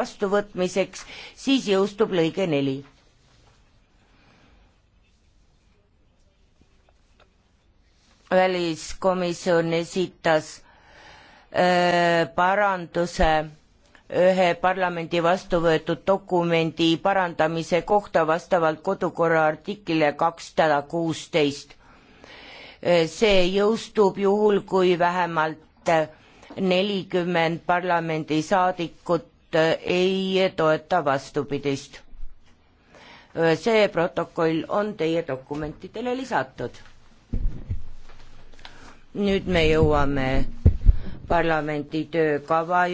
vastuvõtmiseks, siis jõustub lõige neli. väliskomisjon esitas öö, paranduse ühe parlamendi vastu võetud dokumendi parandamise kohta vastavalt kodukorra artiklile kakssada kuusteist. see jõustub juhul, kui vähemalt nelikümmend parlamendisaadikut Äh, ei toeta vastupidist. Äh, see protokoll on teie dokumentidele lisatud. nüüd me jõuame parlamendi töökava